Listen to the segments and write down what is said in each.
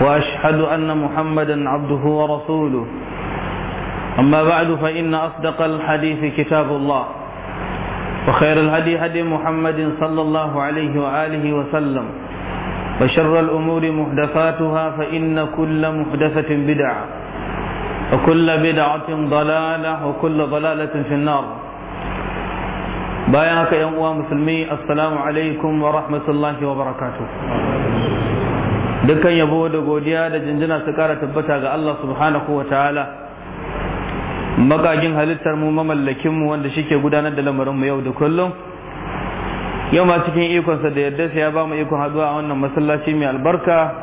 وأشهد أن محمدا عبده ورسوله أما بعد فإن أصدق الحديث كتاب الله وخير الهدي هدي محمد صلى الله عليه وآله وسلم وشر الأمور محدثاتها فإن كل محدثة بدعة وكل بدعة ضلالة وكل ضلالة في النار بايعك يا مسلمي السلام عليكم ورحمة الله وبركاته dukkan yabo da godiya da jinjina su kara tabbata ga Allah subhanahu wa ta'ala magagin halittar mu mamallakin mu wanda shike gudanar da lamarin mu yau da kullum yau ma cikin ikonsa da yarda ya ba mu ikon haduwa a wannan masallaci mai albarka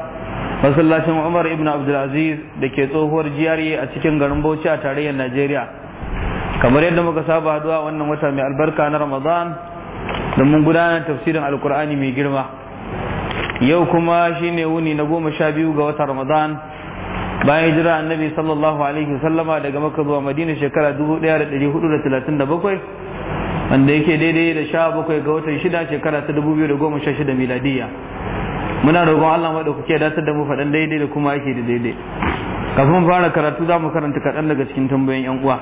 masallacin Umar ibn Abdulaziz da ke tsohuwar GRA a cikin garin Bauchi a tarayyar Najeriya kamar yadda muka saba haduwa wannan wata mai albarka na Ramadan domin gudanar tafsirin Alkur'ani mai girma yau kuma shi ne wuni na goma sha biyu ga wata ramadan bayan jira annabi sallallahu alaihi wasallama daga maka zuwa madina shekara 1437 wanda yake daidai da sha bakwai ga watan shida shekara ta 2016 miladiya muna roƙon Allah kuke datar da mu faɗan daidai da kuma ake da daidai kafin fara karatu za mu karanta kaɗan daga cikin tambayoyin 'yan uwa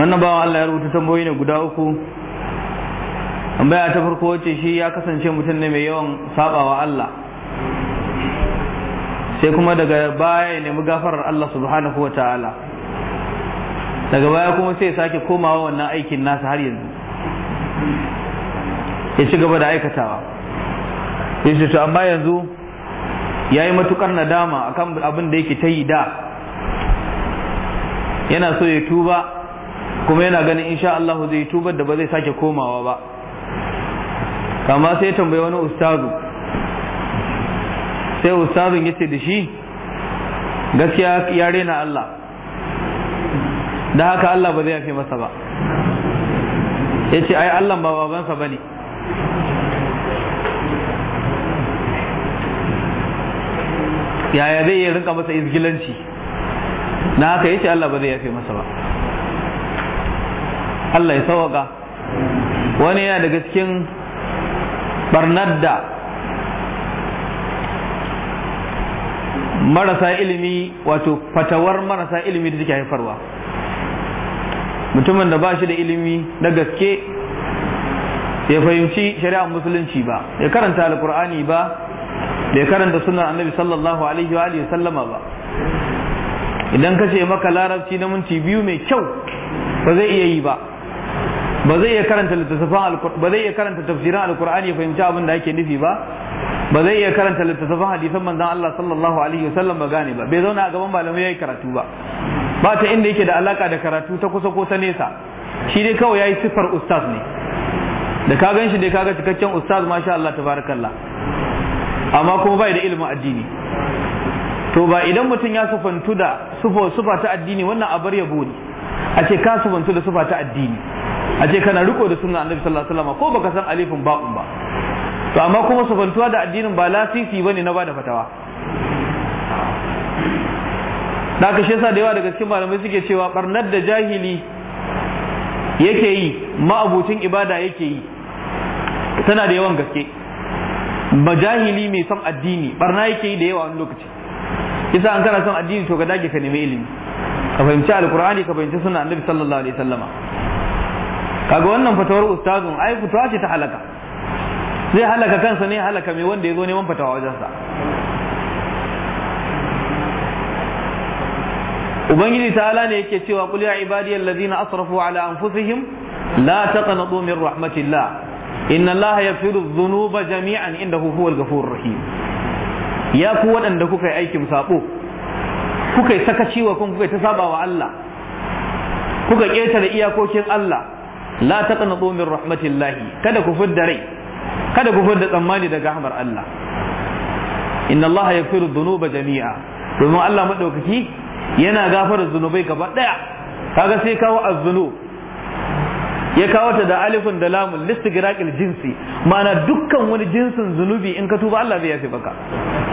wannan bawan Allah ya rubuta tambayoyi ne guda uku tambaya ta farko wacce shi ya kasance mutum ne mai yawan sabawa Allah sai kuma daga baya ya nemi gafarar Allah subhanahu wa ta'ala daga baya kuma sai sake komawa wannan aikin nasa har yanzu ya ci gaba da aikatawa ya to amma yanzu ya yi matukar nadama akan abin da yake ta yi da yana so ya tuba kuma yana ganin insha Allah zai tubar da ba zai sake komawa ba kama sai tambayi wani ustazu sai ustazun yace da shi gaskiya ya rena Allah da haka Allah ba zai yafe masa ba ya ce ai Allah ba babansa ba ne yaya zai yi rinka masa izgilanci na haka ya ce Allah ba zai yafe masa ba Allah ya sauka wani yana daga cikin barnar da marasa ilimi wato fatawar marasa ilimi da take haifarwa mutumin da ba shi da ilimi na gaske ya fahimci shari'ar musulunci ba ya karanta alkur'ani ba ya karanta sunan annabi sallallahu alaihi wa alihi sallama ba idan ka ce maka larabci na minti biyu mai kyau ba zai iya yi ba ba zai iya karanta littattafan ba zai iya karanta tafsirin alkur'ani ya fahimci abin da ake nufi ba ba zai iya karanta littattafan hadisan manzon Allah sallallahu alaihi wasallam ba gane ba bai zauna a gaban malamai yayi karatu ba ba ta inda yake da alaka da karatu ta kusa ko ta nesa shi dai kawai yayi sifar ustaz ne da ka gan shi dai kaga cikakken ustaz masha Allah tabarakallah amma kuma bai da ilimin addini to ba idan mutum ya sufantu da sufa ta addini wannan abar yabo ne a ce ka sufantu da sufa ta addini a ce kana riko da sunan annabi sallallahu alaihi wasallam ko baka san alifin ba'un ba to amma kuma sufantuwa da addinin ba lasisi bane na bada fatawa da ka shesa da yawa daga cikin malamai suke cewa barnar da jahili yake yi ma'abucin ibada yake yi tana da yawan gaske ba jahili mai son addini barna yake yi da yawa wani lokaci isa an kana son addini to ka dage ka nemi ilimi ka fahimci alkur'ani ka fahimci sunan annabi sallallahu alaihi wasallama kaga wannan fatawar ustazun ai fatawa ce ta halaka zai halaka kansa ne halaka mai wanda ya zo neman fatawa wajensa ubangiji Tala ne yake cewa qul ya ibadiyal ladina asrafu ala anfusihim la taqnatu min rahmatillah inna allaha yaghfiru dhunuba jami'an indahu huwal ghafurur rahim ya ku waɗanda kuka yi aikin sabo kuka yi sakaci wa kun kuka ta saba wa Allah kuka ƙetare iyakokin Allah la taqnatu min rahmatillahi kada ku fidda rai kada ku fidda tsammani daga rahmar Allah inna Allah yaghfiru dhunuba jami'a domin Allah madaukaki yana gafara zunubai gaba daya kaga sai kawo az-zunub ya kawo ta da alifin da lamun listigraqil jinsi ma'ana dukkan wani jinsin zunubi in ka tuba Allah zai yafe baka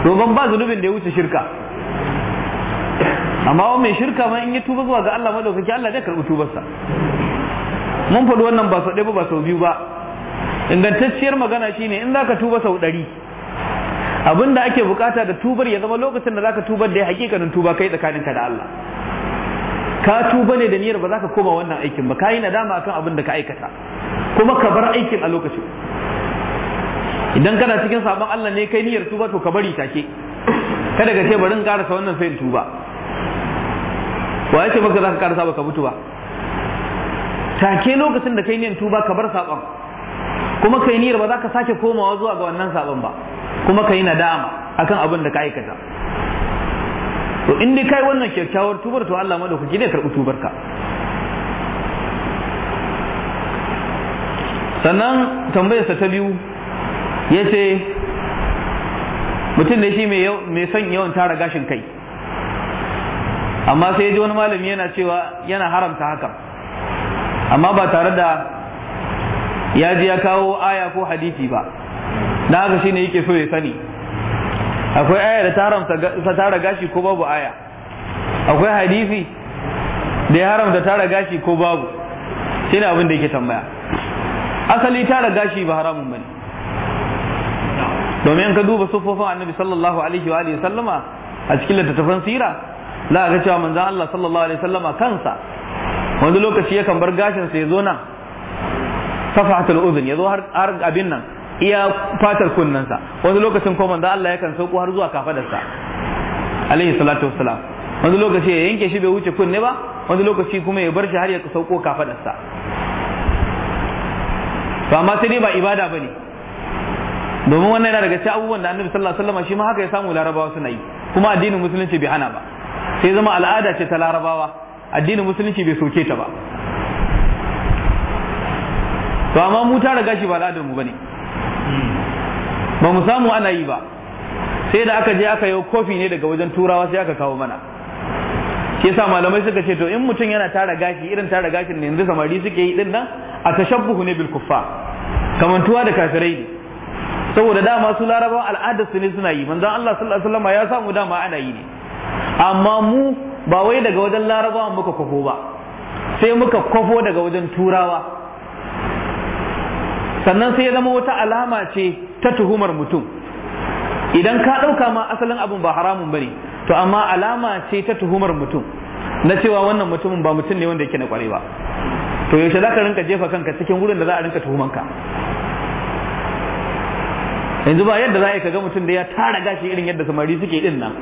domin ba zunubin da ya wuce shirka amma wa mai shirka ma in ya tuba zuwa ga Allah madaukaki Allah zai karbi tubarsa mun faɗi wannan ba sau ɗaya ba sau biyu ba ingantacciyar magana shine in zaka tuba sau ɗari abin da ake bukata da tubar ya zama lokacin da zaka tubar da ya hakikanin tuba kai tsakaninka da Allah ka tuba ne da niyyar ba za ka koma wannan aikin ba ka yi nadama akan abin da ka aikata kuma ka bar aikin a lokacin idan kana cikin sabon Allah ne kai niyyar tuba to ka bari take kada ka ce bari in karasa wannan sai in tuba wa ya ce baka za ka karasa ba ka mutu ba take lokacin da kai niyan tuba ka bar sabon kuma kai niyyar ba za ka sake komawa zuwa ga wannan sabon ba kuma kai na dama akan abin da ka aikata to in dai kai wannan kyakkyawar tubar to Allah madaukaki zai karɓi tubar ka sannan tambayarsa ta biyu ya ce mutum da shi mai son yawan tara gashin kai amma sai ji wani malami yana cewa yana haramta hakan amma ba tare da ya ji ya kawo aya ko hadisi ba na haka shine yake so ya sani akwai aya da ta tara gashi ko babu aya akwai hadisi da ya haramta tara gashi ko babu shi ne abin da yake tambaya asali tara gashi ba haramun bane domin ka duba sufofin annabi sallallahu alaihi wa sallama a cikin littattafan sira za a ga cewa manzon Allah sallallahu alaihi wa sallama kansa Wanzu lokaci yakan bar gashin sai ya zo nan safahatul udhun ya zo har abin nan iya fatar kunnensa Wanzu lokacin ko manzo Allah yakan sauko har zuwa kafadarsa alaihi salatu wassalam Wanzu lokaci ya yanke shi bai wuce kunne ba Wanzu lokaci kuma ya bar shi har ya sauko kafadarsa to amma sai dai ba ibada bane domin wannan yana daga cikin abubuwan da Annabi sallallahu alaihi wasallam shi ma haka ya samu larabawa suna yi kuma addinin musulunci bai hana ba sai zama al'ada ce ta larabawa addinin musulunci bai soke ta ba to amma mu ta gashi ba al'adar mu bane ba mu samu ana yi ba sai da aka je aka yi kofi ne daga wajen turawa sai aka kawo mana ke sa malamai suka ce to in mutum yana tara gashi irin tara gashin ne yanzu samari suke yi din nan a tashabbuhu ne bil kuffa kamantuwa da kafirai ne saboda dama su larabawa al'adar su ne suna yi manzon Allah sallallahu alaihi wasallam ya samu dama ana yi ne amma mu ba wai daga wajen larabawa muka kwafo ba sai muka kwafo daga wajen turawa sannan sai ya zama wata alama ce ta tuhumar mutum idan ka ɗauka ma asalin abin ba haramun bane to amma alama ce ta tuhumar mutum na cewa wannan mutumin ba mutum ne wanda yake na kware ba to yaushe za ka rinka jefa kanka cikin wurin da za a rinka ka yanzu ba yadda za a yi ka ga mutum da ya tara gashi irin yadda samari suke din nan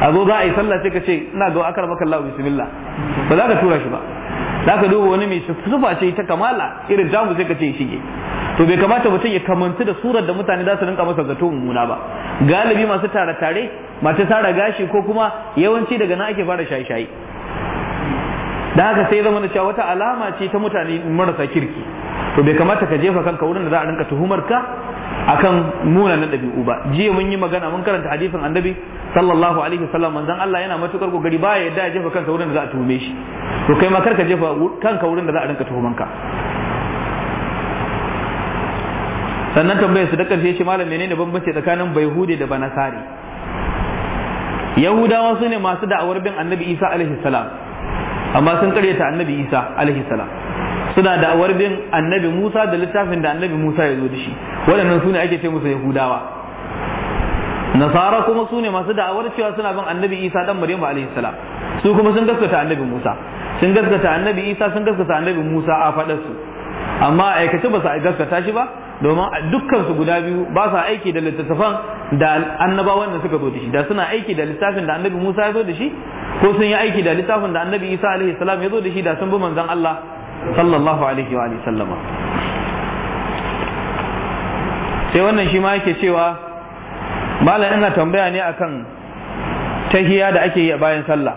a za a yi sallah sai ka ce ina ga akar maka Allah bismillah ba za ka tura shi ba za ka duba wani mai sufa ce ta kamala irin jamu sai ka ce shige to bai kamata mutum ya kamantu da surar da mutane za su rinka masa zato mummuna ba galibi masu tare tare masu tara gashi ko kuma yawanci daga na ake fara shaye shaye da haka sai zama da cewa wata alama ce ta mutane marasa kirki to bai kamata ka jefa kanka wurin da za a rinka tuhumar ka akan munanan ɗabi'u ba jiya mun yi magana mun karanta hadisin annabi sallallahu alaihi wasallam manzon Allah yana matukar kokari baya yadda ya jefa kansa wurin da za a tuhume shi to kai ma karka jefa kanka wurin da za a rinka tuhumanka sannan tambaye su da karshe shi malam menene bambanci tsakanin baihude da banasari yahudawa su ne masu da'awar bin annabi isa alaihi salam amma sun karyata annabi isa alaihi salam suna da bin annabi Musa da littafin da annabi Musa ya zo da shi waɗannan su ne ake ce musu Yahudawa nasara kuma su ne masu da'awar cewa suna bin annabi Isa dan Maryam alaihi salam su kuma sun gaskata annabi Musa sun gaskata annabi Isa sun gaskata annabi Musa a faɗar su amma aikace ba su gaskata shi ba domin dukkan su guda biyu ba sa aiki da littattafan da annabawan da suka zo da shi da suna aiki da littafin da annabi Musa ya zo da shi ko sun yi aiki da littafin da annabi Isa alaihi salam ya zo da shi da sun bi manzon Allah sallallahu alaihi wa sallama sai wannan shi ma yake cewa malam ina tambaya ne akan tahiya da ake yi a bayan sallah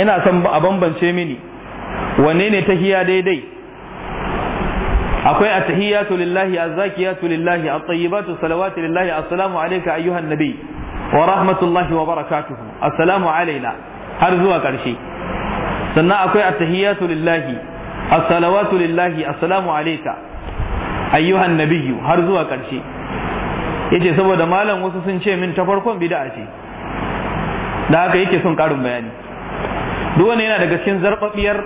ina son a bambance mini wanne ne tahiya daidai akwai a tahiyatu lillahi a zakiya tu lillahi a at-tayyibatu salawatu lillahi assalamu alayka ayyuhan nabi wa rahmatullahi wa barakatuhu assalamu alaina har zuwa ƙarshe sannan akwai attahiyatu lillahi a salawatu lillahi assalamu alayka ayyuhan nabiyyu har zuwa karshe yace saboda malam wasu sun ce min ta farkon bid'a ce da haka yake son karin bayani duk wanda yana daga cikin zarbabiyar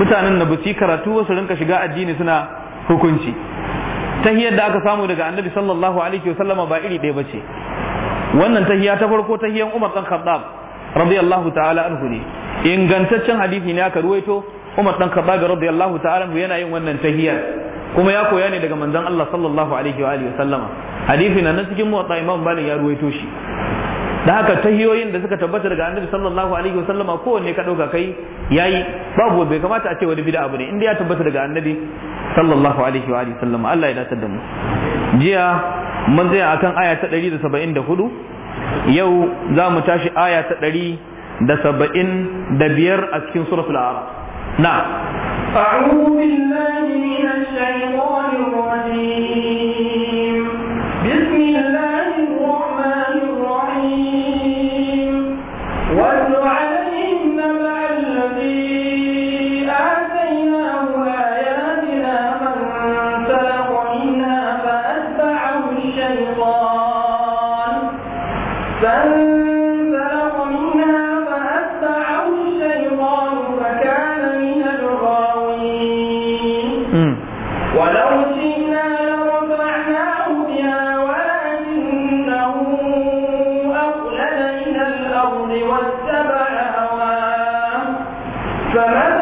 mutanen na busi karatu wasu rinka shiga addini suna hukunci tahiyar da aka samu daga annabi sallallahu alaihi wasallama ba iri ɗaya bace wannan tahiya ta farko tahiyan Umar dan Khattab radiyallahu ta'ala anhu ne ingantaccen hadisi ne aka ruwaito Umar dan Khattab radiyallahu ta'ala yana yin wannan tahiyar kuma ya koya ne daga manzon Allah sallallahu alaihi wa alihi sallama hadisi na cikin muwatta Imam Malik ya ruwaito shi da haka tahiyoyin da suka tabbata daga Annabi sallallahu alaihi wa sallama kowanne ka dauka kai yayi babu bai kamata a ce wani bid'a bane inda ya tabbata daga Annabi sallallahu alaihi wa alihi sallama Allah ya dace da mu jiya mun tsaya akan aya ta 174 yau za mu tashi aya ta 100 da saba'in da biyar a cikin suratul araf na أعوذ بالله من الشيطان الرجيم الأرض واتبع هواه فمن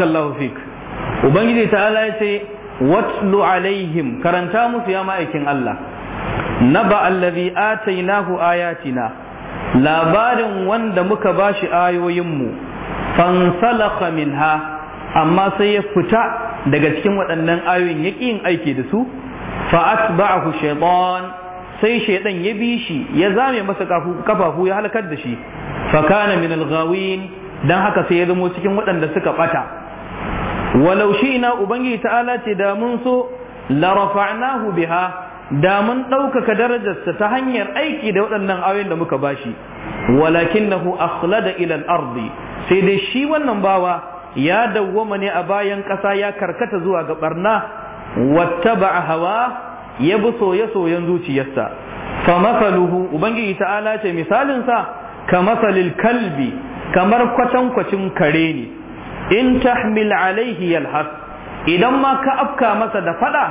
barakallahu fik ubangiji ta'ala ya ce watlu alaihim karanta musu ya ma'aikin Allah naba allazi atainahu ayatina labarin wanda muka bashi ayoyinmu salaka minha amma sai ya fita daga cikin waɗannan ayoyin ya yin aiki da su fa'atba'ahu shaytan sai shaytan ya bi shi ya zame masa kafafu ya halakar da shi fa kana min al dan haka sai ya zamo cikin waɗanda suka bata walau na ubangiji ta'ala ce da mun so la biha da mun ɗaukaka darajarsa ta hanyar aiki da waɗannan ayoyin da muka bashi walakinahu akhlada ila al arzi sai dai shi wannan bawa ya dawwama ne a bayan ƙasa ya karkata zuwa ga barna wattaba'a hawa ya bi soye-soyen zuciyarsa fa masaluhu ubangiji ta'ala ce misalinsa ka masalil kalbi kamar kwatankwacin kare ne in tahmil alaihi yalhas idan ma ka afka masa da fada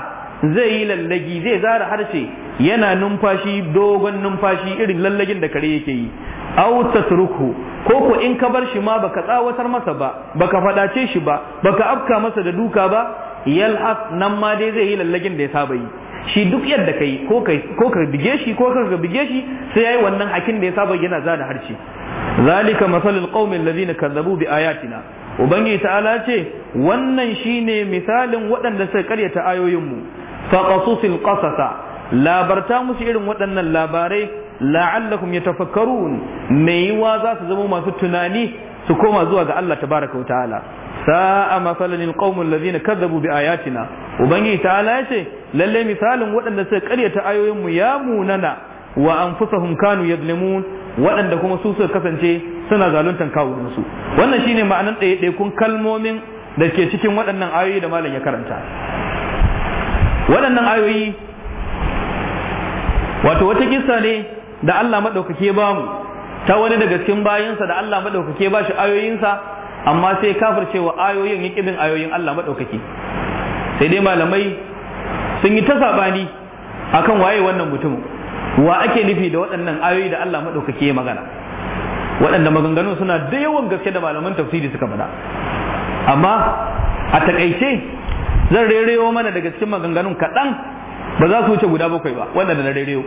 zai yi lallagi zai zara harshe yana numfashi dogon numfashi irin lallagin da kare yake yi aw tatruku ko ko in ka bar shi ma baka tsawatar masa ba baka fadace shi ba baka afka masa da duka ba yalhas nan ma dai zai yi lallagin da ya saba yi shi duk yadda kai ko kai ko ka bige shi ko ka bige shi sai yayi wannan hakin da ya saba yana zada harshe zalika masalul qaumil ladina kazzabu bi ayatina ubangiji ta'ala ce wannan shine misalin waɗanda suka karyata ayoyinmu faqasusil qasasa labarta musu irin waɗannan labarai la'allakum yatafakkarun mai yiwa za su zama masu tunani su koma zuwa ga Allah tabaraka wa ta'ala sa'a masalan alqawmul ladhina kadzabu bi ayatina ubangiji ta'ala ya ce lalle misalin waɗanda suka karyata ayoyinmu ya munana wa anfusahum kanu yadlimun waɗanda kuma su suka kasance suna zaluntan su. wannan shine ma'anar ɗaiɗaikun kalmomin da ke cikin waɗannan ayoyi da malam ya karanta waɗannan ayoyi wato wata kissa ne da Allah maɗaukake ba mu ta wani daga cikin bayansa da Allah maɗaukake ba shi ayoyinsa amma sai cewa ayoyin ya ƙibin ayoyin Allah maɗaukake sai dai malamai sun yi ta saɓani akan waye wannan mutumin wa ake nufi da waɗannan ayoyi da Allah maɗaukaki ya magana waɗanda maganganun suna da yawan gaske da malaman tafsiri suka faɗa amma a takaice zan rerewa mana daga cikin maganganun kaɗan ba za su wuce guda bakwai ba waɗanda na rerewa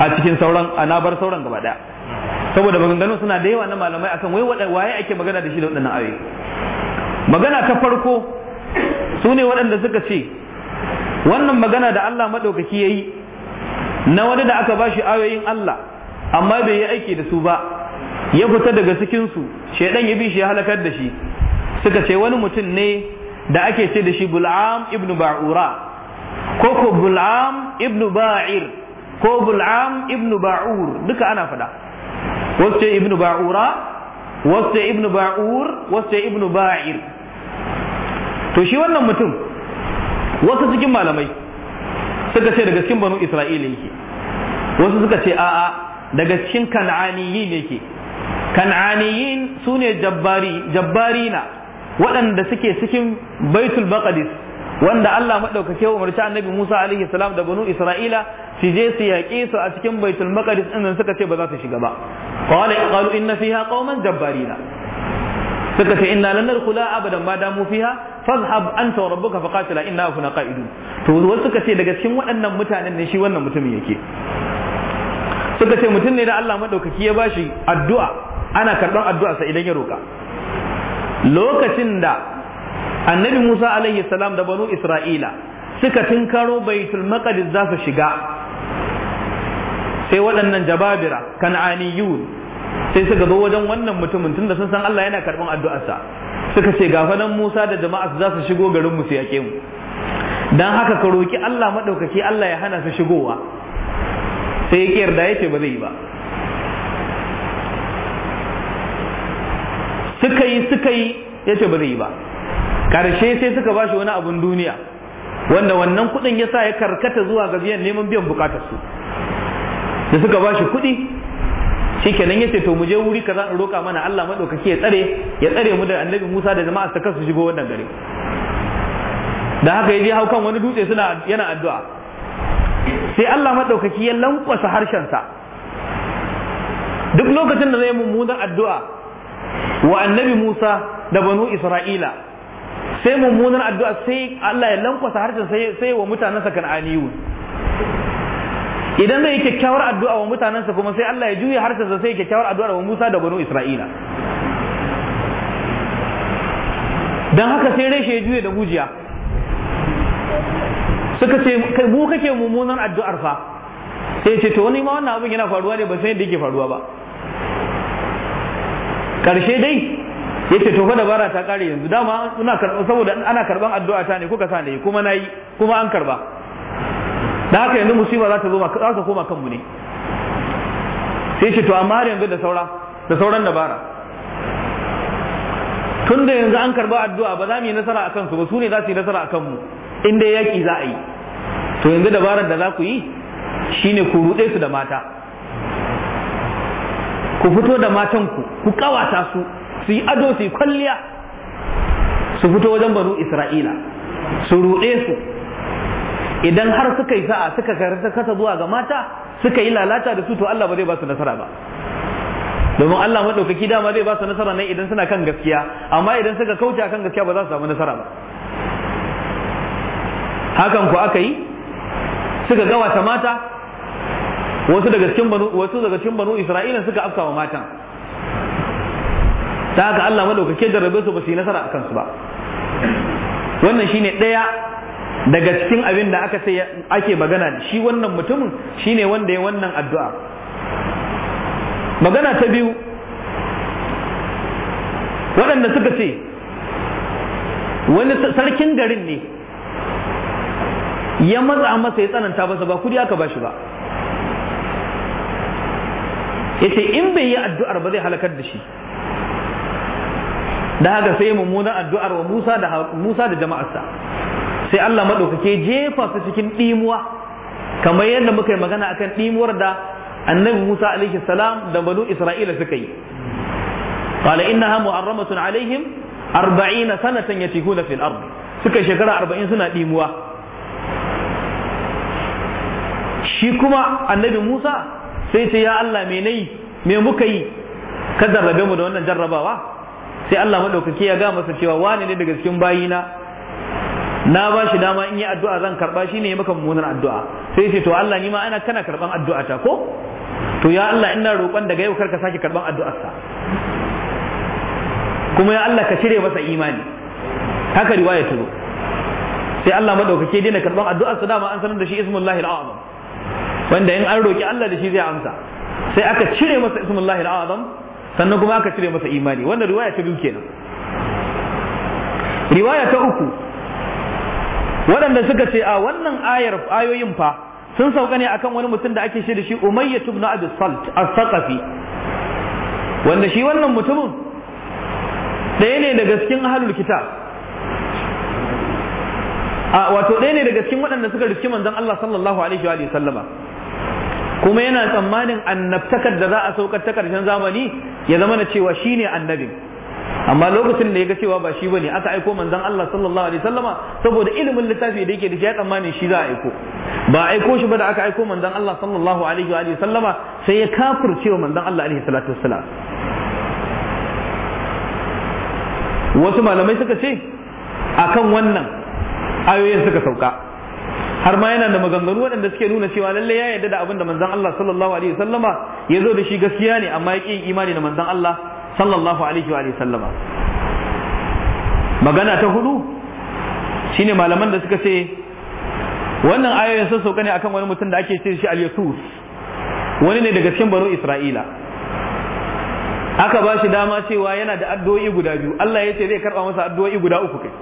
a cikin sauran a na bar sauran gaba ɗaya saboda maganganun suna da yawa na malamai akan wai waye ake magana da shi da waɗannan ayoyi magana ta farko su ne waɗanda suka ce wannan magana da Allah maɗaukaki ya yi na wani da aka bashi ayoyin Allah amma bai yi aiki da su ba ya fita daga cikin su shedan ya bi shi ya halakar da shi suka ce wani mutum ne da ake ce da shi bul'am ibn ba'ura ko ko bul'am ibn ba'ir ko bul'am ibn ba'ur duka ana fada wasu ce ibn ba'ura wasu ce ibn ba'ur wasu ce ibn ba'ir to shi wannan mutum wasu cikin malamai suka ce daga cikin banu isra'ila yake wasu suka ce a'a daga cikin kan'aniyin yake kan'aniyin su ne jabbari jabbarina waɗanda suke cikin baitul baqadis wanda Allah maɗaukake umarci annabi Musa alaihi salam da banu Isra'ila su je su yaƙe su a cikin baitul maqdis din suka ce ba za su shiga ba qala qalu inna fiha qauman jabbarina suka ce inna lan kula abadan ma damu fiha fazhab anta wa rabbuka faqatila inna kuna qa'idun to wasu suka ce daga cikin waɗannan mutanen ne shi wannan mutumin yake suka ce mutum ne da Allah madaukaki ya bashi addu'a ana karɓar addu'a sa idan ya roƙa. lokacin da annabi Musa alaihi salam da banu Isra'ila suka tinkaro baitul maqdis za su shiga sai waɗannan jababira kan'aniyun sai suka zo wajen wannan mutumin tun da sun san Allah yana karɓan addu'arsa suka ce nan Musa da jama'a za su shigo garin mu su yaƙe mu dan haka ka roki Allah madaukaki Allah ya hana su shigowa sai ya yarda yake ba zai yi ba suka yi suka yi yace ba zai yi ba karshe sai suka ba shi wani abun duniya wanda wannan kudin sa ya karkata zuwa ga biyan neman biyan bukatarsu su da suka ba shi kudi nan yace to mu je wuri kaza in roka mana Allah madaukaki ya tsare ya tsare mu da annabi Musa da jama'a su su shigo wannan gari da haka yaje hau kan wani dutse suna yana addu'a sai Allah madaukaki ya lankwasa harshen sa duk lokacin da zai mummunan addu'a wa annabi Musa da banu Isra'ila sai mummunan addu'a sai Allah ya lankwasa harshen sai wa mutanen kan aniyu idan zai yi kyakkyawar addu'a wa mutanensa kuma sai Allah ya juya harshensa sai kyakkyawar addu'a wa Musa da banu Isra'ila dan haka sai reshe ya juya da gujiya suka ce mu kake mummunan addu'ar fa sai ce to wani ma wannan abin yana faruwa ne ba sai yadda yake faruwa ba karshe dai ya ce to fa dabara ta kare yanzu dama ina karɓa saboda ana karban addu'a ta ne kuka sa ne kuma nayi kuma an karba. da haka yanzu musiba za ta zo za ta koma kanmu ne sai shi to amma har yanzu da saura da sauran dabara tun da yanzu an karba addu'a ba za mu yi nasara a kansu ba su ne za su yi nasara a kanmu in dai yaƙi za a yi to yanzu dabarar da za ku yi shine ku ruɗe su da mata ku fito da matanku ku ƙawata su su yi ado su yi kwalliya su fito wajen banu isra'ila su ruɗe su idan har suka yi sa'a suka karanta kasa zuwa ga mata suka yi lalata da su to Allah ba zai ba su nasara ba domin Allah maɗaukaki dama zai ba su nasara ne idan suna kan gaskiya amma idan suka kauce kan gaskiya ba za su samu nasara ba hakan ku aka yi suka wata mata wasu daga cikin banu wasu daga cikin banu Isra'ila suka wa mata. ta haka Allah maɗaukaki jarrabe su ba su yi nasara akan su ba wannan shine ɗaya daga cikin abin da aka sai ake magana shi wannan mutumin shine wanda ya wannan addu'a magana ta biyu waɗanda suka ce wani sarkin garin ne ya matsa masa ya tsananta masa ba kudi aka bashi ba ya in bai yi addu'ar ba zai halakar da shi da haka sai mummunan addu'ar wa Musa da Musa da jama'arsa sai Allah maɗaukake jefa su cikin ɗimuwa kamar yadda muka yi magana akan ɗimuwar da annabi Musa alaihi salam da banu Isra'ila suka yi qala innaha mu'arramatun alaihim 40 sanatan yatikuna fil ard suka shekara 40 suna ɗimuwa shi kuma annabi Musa sai ce ya Allah me nayi me muka yi ka jarrabe mu da wannan jarrabawa sai Allah maɗaukaki ya ga masa cewa wani ne daga cikin bayina na ba shi dama in yi addu'a zan karba shi ne ya maka mummunar addu'a sai ce to Allah ni ma ana kana karban addu'a ta ko to ya Allah ina roƙon daga yau karka sake karban addu'arsa kuma ya Allah ka cire masa imani haka riwaya ta zo sai Allah madaukake daina karban addu'arsa dama an sanar da shi ismullahi al'azam wanda in an roki Allah da shi zai amsa sai aka cire masa ismullahi al'azam sannan kuma aka cire masa imani wannan riwaya ta biyu kenan riwaya ta uku waɗanda suka ce a wannan ayar ayoyin fa sun sauka ne akan wani mutum da ake shi da shi umayya ibn abi salt as-saqafi wanda shi wannan mutumin ɗaya ne daga cikin ahlul kitab a wato ɗaya ne daga cikin waɗanda suka riski manzon Allah sallallahu alaihi wa sallama kuma yana tsammanin annabtakar da za a saukar ta karshen zamani ya zama na cewa shine annabin amma lokacin da ya ga cewa ba shi bane aka aiko manzon Allah sallallahu alaihi wasallama saboda ilimin littafi da yake da shi ya tsammanin shi za a aiko ba aiko shi ba da aka aiko manzon Allah sallallahu alaihi wa sallama sai ya kafirce wa manzon Allah alaihi salatu wassalam wasu malamai suka ce akan wannan ayoyin suka sauka har ma yana da maganganu waɗanda suke nuna cewa lalle ya yarda da abin da manzon Allah sallallahu alaihi wasallama ya zo da shi gaskiya ne amma ya ƙi imani da manzon Allah sallallahu alaihi wa sallama magana ta hudu shine malaman da suka ce wannan ayoyin sun sauka ne akan wani mutum da ake ce shi al-yasus wani ne daga cikin baro isra'ila aka ba shi dama cewa yana da addu'o'i guda biyu Allah ya ce zai karba masa addu'o'i guda uku kai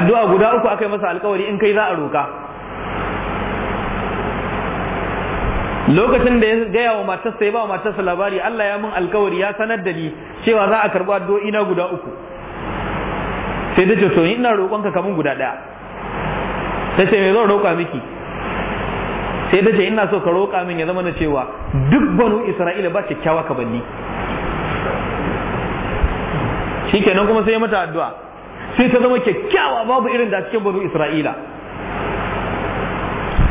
addu'a guda uku aka yi masa alkawari in kai za a roka lokacin da ya gaya wa matarsa ya ba wa matarsa labari Allah ya mun alkawari ya sanar da ni cewa za a karɓi addu'o'i na guda uku sai ta ce to ina roƙonka kamun guda ɗaya ta ce me zan roƙa miki sai ta ce ina so ka roƙa min ya zama na cewa duk banu Isra'ila ba kyakkyawa ka banni shikenan kuma sai ya mata addu'a sai ta zama kyakkyawa babu irin da cikin banu Isra'ila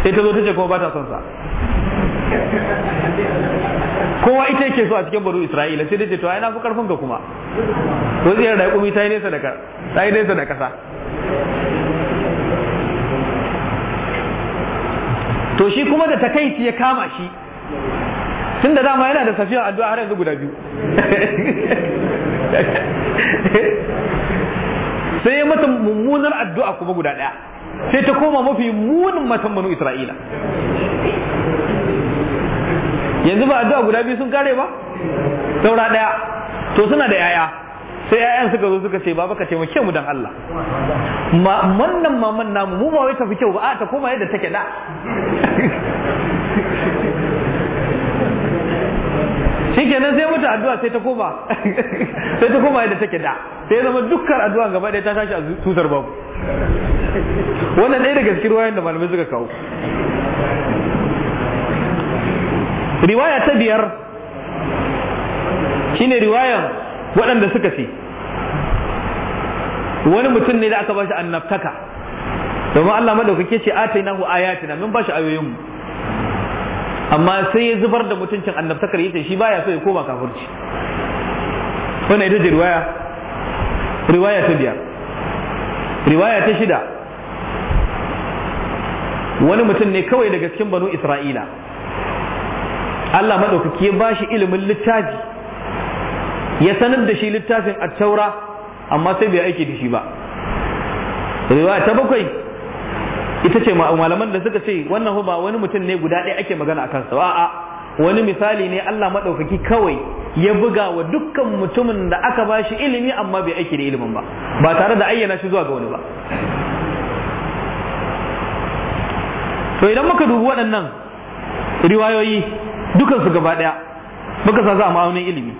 sai ta zo ta ce kuma ba ta son sa kowa ita yake so a cikin baro isra'ila sai dai ce to ai na fi karfin ka kuma to zai rai kuma ta yi nesa da ta yi nesa da kasa to shi kuma da takaici ya kama shi tun da dama yana da safiyar addu'a har yanzu guda biyu sai ya mata mummunar addu'a kuma guda ɗaya sai ta koma mafi munin matan banu isra'ila yanzu ba addu'a guda biyu sun kare ba saura daya to suna da yaya sai yayan suka zo suka ce baba ka kyau mu dan Allah wannan maman namu mu ba wai tafi kyau ba a ta koma yadda take da shikenan sai mutu addu'a sai ta koma sai ta koma yadda take da sai zama dukkan addu'a gaba ɗaya ta tashi a tutar babu wannan ɗaya daga cikin wayan da malamai suka kawo riwaya ta biyar shine riwayan waɗanda suka ce wani mutum ne da aka bashi annabtaka domin Allah madaukake ce atainahu ayatina mun bashi ayoyin mu amma sai ya zubar da mutuncin annabtakar yace shi baya so ya koma kafirci wannan ita ce riwaya riwaya ta biyar riwaya ta shida wani mutum ne kawai daga cikin banu isra'ila Allah madaukaki ya bashi ilimin littafi ya sanar da shi littafin at-taura amma sai bai aiki da shi ba riwaya ta bakwai ita ce malaman da suka ce wannan ba wani mutum ne guda ɗaya ake magana a kansa a'a wani misali ne Allah maɗaukaki kawai ya buga wa dukkan mutumin da aka bashi ilimi amma bai aiki da ilimin ba ba tare da ayyana shi zuwa ga wani ba to idan muka dubi waɗannan riwayoyi su gaba ɗaya baka sa za a ma'aunin ilimi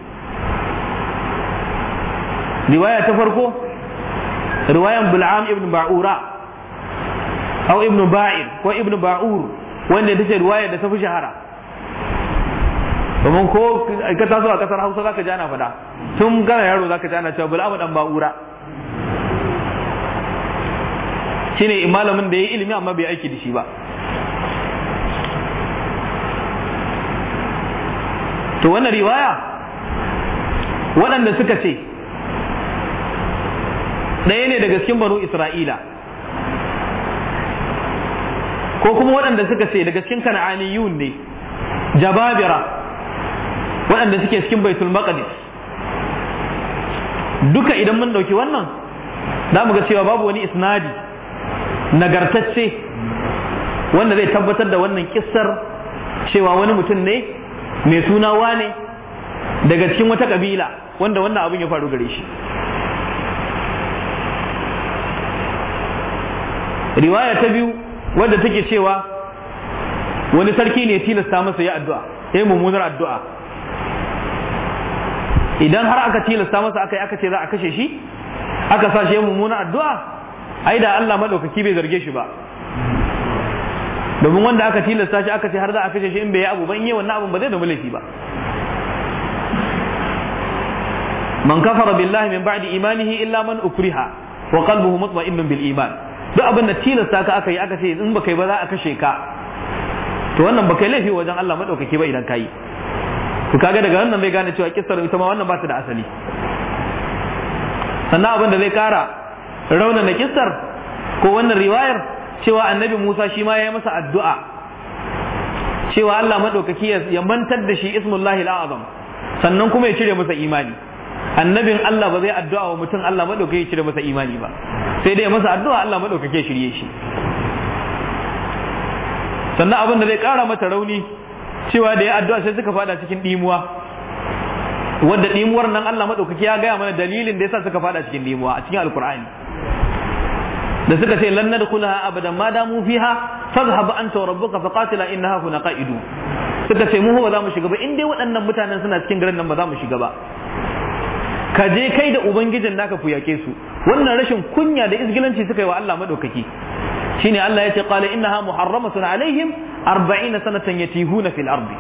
riwaya ta farko riwayan bul'am ibn ba'ura au ibn ba'ir ko ibn ba'ur wanda ita ce riwaya da ta fi shahara domin ko ka taso a kasar hausa zaka ji ana fada tun kana yaro zaka ji ana cewa bul'am dan ba'ura shine malamin da yayi yi ilimi amma bai aiki da shi ba to wannan riwaya waɗanda suka ce ɗaya ne daga cikin banu isra'ila ko kuma waɗanda suka ce daga cikin kana'aniyun ne jababira waɗanda suke cikin baitul maqdis duka idan mun ɗauki wannan za mu ga cewa babu wani isnadi nagartacce wanda zai tabbatar da wannan kissar cewa wani mutum ne mai suna wane daga cikin wata kabila wanda wannan abin ya faru gare shi riwaya ta biyu wadda take cewa wani sarki ne tilasta masa ya addu'a ya yi mummunar addu'a idan har aka tilasta masa aka yi aka ce za a kashe shi aka sa shi ya mummunar addu'a ai da Allah maɗaukaki bai zarge shi ba domin wanda aka tilasta shi aka ce har za a kashe shi in bai yi abu ba in yi wannan abun ba zai zama laifi ba man kafara billahi min ba'di imanihi illa man ukriha wa qalbuhu mutma'innun bil iman duk abin da tilasta ka aka yi aka ce in baka yi ba za a kashe ka to wannan baka yi laifi wajen Allah madaukaki ba idan ka yi to kaga daga wannan bai gane cewa kissar ita ma wannan ba ta da asali sannan abin da zai kara raunana kissar ko wannan riwayar cewa annabi Musa shi ma ya yi masa addu'a cewa Allah maɗaukaki ya mantar da shi ismullahi al'azam sannan kuma ya cire masa imani annabin Allah ba zai addu'a wa mutum Allah maɗaukaki ya cire masa imani ba sai dai masa addu'a Allah maɗaukaki ya shirye shi sannan abin da zai ƙara mata rauni cewa da ya addu'a sai suka fada cikin ɗimuwa wadda ɗimuwar nan Allah maɗaukaki ya gaya mana dalilin da ya sa suka fada cikin ɗimuwa a cikin alkur'ani da suka ce lan nadkhulaha abadan ma damu ha. fadhhab anta wa rabbuka faqatila innaha huna qa'idu suka ce mu ba za mu shiga ba in dai waɗannan mutanen suna cikin garin nan ba za mu shiga ba ka je kai da ubangijin naka ku yake su wannan rashin kunya da izgilanci suka yi wa Allah madaukaki shine Allah ya ce qala innaha muharramatun alaihim 40 sanatan yatihuna fil ardi